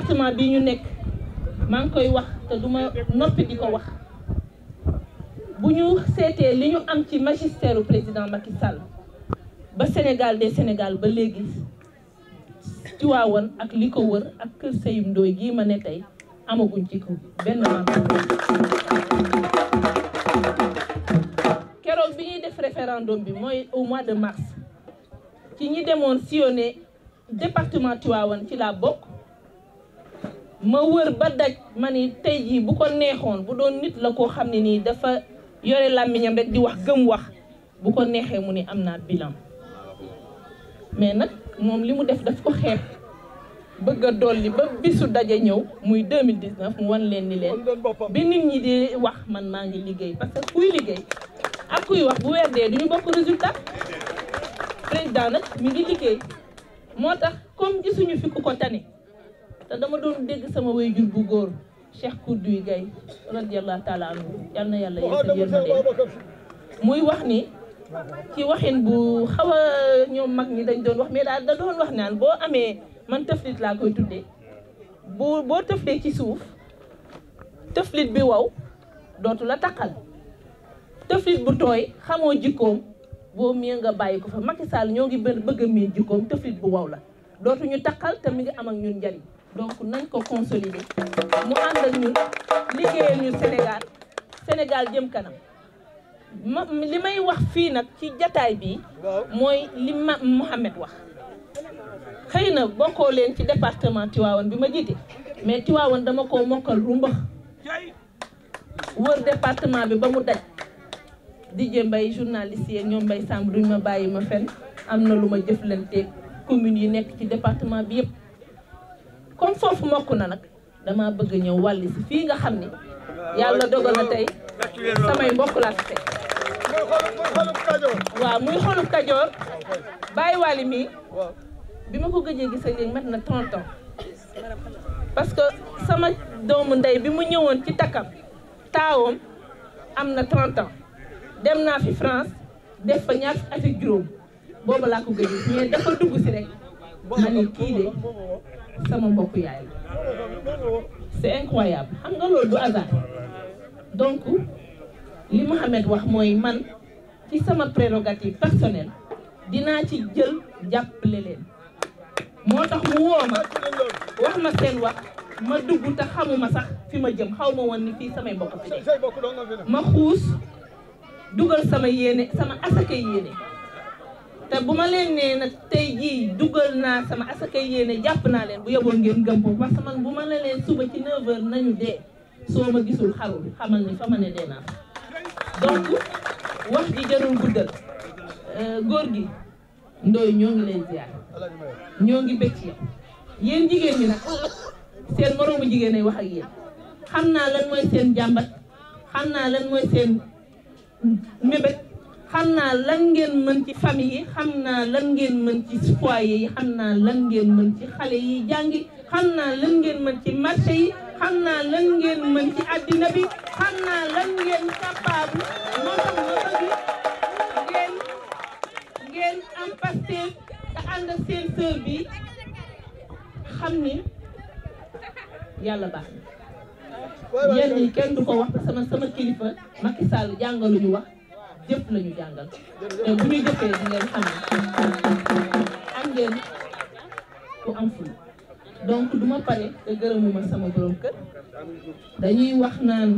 département bi ñu nekk maa ngi koy wax te du ma noppi di ko wax bu ñu seetee li ñu am ci magistère président Macky Sall ba Sénégal de Sénégal ba léegi Tiwaawan ak li ko wër ak Kër Seyim Ndoy gii ma ne tey amaguñ ci ko benn manque keroog bi ñuy def référendum bi mooy au mois de mars ci ñi demoon sillonné département Tiwaawan ci laa bokk ma wër ba daj ma ni tey jii bu ko neexoon bu doon nit la koo xam ne nii dafa yore làmmiñam rek di wax gëm wax bu ko neexee mu ni am naa bilan mais nag moom li mu def daf ko xeeb bëgg a dolli ba bisu daje ñëw muy 2019 mu wan leen di leen bi nit ñi dee wax man naa ngi liggéey parce kuy liggéey ak kuy wax bu weer dee du ñu bokk résultat président nag mi ngi liggéey moo tax comme gisuñu fi ku ko tane te dama doon dégg sama wayjur bu góor Cheikh Koudouy Gaye radiyallahu taala anhu yal na yàlla yeesal yërmande muy wax ni ci waxin bu xawa a ñoom mag ñi dañ doon wax mais daal da doon wax naan boo amee man tëflit laa koy tuddee boo boo tëflee ci suuf tëflit bi waw dootu la takkal tëflit bu tooy xamoo jikkoom boo mii nga bàyyi ko fa Macky Sall ñoo ngi bëgg a mii jikkoom tëflit bu waw la dootuñu taqal te mi ngi am ak ñun njariñ donc nañ ko consolider mu ànd ak ñun liggéeyal ñu Sénégal Sénégal jëm kanam ma li may wax fii nag ci jataay bi mooy li ma Mouhamed wax xëy na bokkoo leen ci département Tivaouane bi ma jiite mais Tivaouane dama ko mokkal rumbax wër département bi ba mu daj Didier mbay journaliste yeeg ñoo mbay Samb duñ ma bàyyi ma fen am na lu ma jëflanteeg commune yi nekk ci département bi yëpp comme foofu mokk na nag damaa bëgg ñëw wàlli si fii nga xam ni yàlla dogal na tey samay mbokk laa fi fekk waaw muy xolub kajoor bàyyi wàlli mii bi ma ko gëjee gis ak léegi mat na 30 ans que sama doomu ndey bi mu ñëwoon ci takkam taawam am na 30 ans dem naa fi France def fa ñaar at ak juróom boobu laa ko gëjee mais dafa dugg si rek ma ni kii de sama mbokk yaay la c'est incroyable xam nga loolu du hasard donc li Mohamed wax mooy man ci sama prérogative personnelle dinaa ci jël jàppale leen moo tax mu woo ma wax ma seen wax ma dugg te xamuma sax fi ma jëm xaw ma woon ni fii samay mbokk fi de ma xuus dugal sama yéene sama asaka yéene te bu ma leen nee nag tey jii dugal naa sama asakay yéene jàpp naa leen bu yeboon ngeen gëm ko parce que man bu ma la leen suba ci 9h nañu dee soo ma gisul xarul xamal ni fa ma ne dee naa donc wax ji jarul guddal euh, góor gi ndooy ñoo ngi leen ziar ñoo ngi bëgg ci yow jigéen ñi nag seen moroomu jigéen ay wax ak yéen xam naa lan mooy seen jàmbat xam naa leen mooy seen mébét xam naa lan ngeen mën ci famille yi xam naa lan ngeen mën ci foyer yi xam naa lan ngeen mën ci xale yi jàngi xam naa lan ngeen mën ci marché yi xam naa lan ngeen mën ci àddina bi xam naa lan ngeen capable moo tax ma bëgg ngeen ngeen am Pastef te ànd ak seen sœur bi xam ni yàlla baax na kenn du ko wax sama sama kilifa Macky Sall jàngaluñu wax yëpp la ñu jàngal te euh, bu ñu jëfee di ngeen xam am ngeen ku am ful donc du ma pare te gërëmuma sama borom kër dañuy wax naan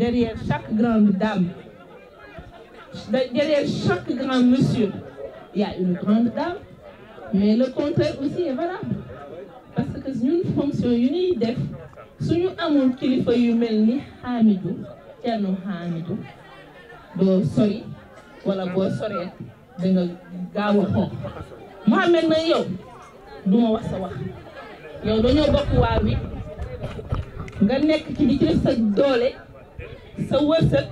derrière chaque grande dame derrière chaque grand monsieur il une grande dame mais le contraire aussi est valable parce que ñun fonction yu ñuy def suñu amul kilifa yu mel ni Hamidou Thierno Hamidou doo sori wala boo soree danga gaaw a xonq Mouhamed man yow du ma wax sa wax yow dañoo bokk waa wi nga nekk ci di ci def doole sa wërsëg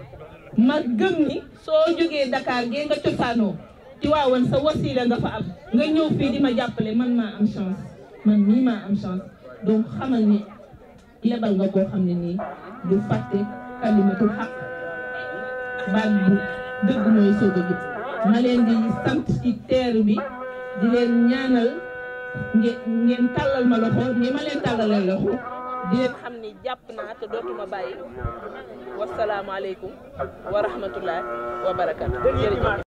ma gëm ni soo jógee Dakar gee nga cosaanoo ci waawoon sa wasiila nga fa am nga ñëw fii di ma jàppale man maa am chance man nii maa am chance donc xamal ni lebal nga koo xam ne nii du fàtte kalimatul xaq baat bi dëgg mooy soog a ma leen di sant ci teeru bi di leen ñaanal ngeen tàllal ma loxo ni ma leen tàllalee loxo di leen xam ni jàpp naa te dootuma bàyyi wasalaamaaleykum wa rahmatullah wa barakatu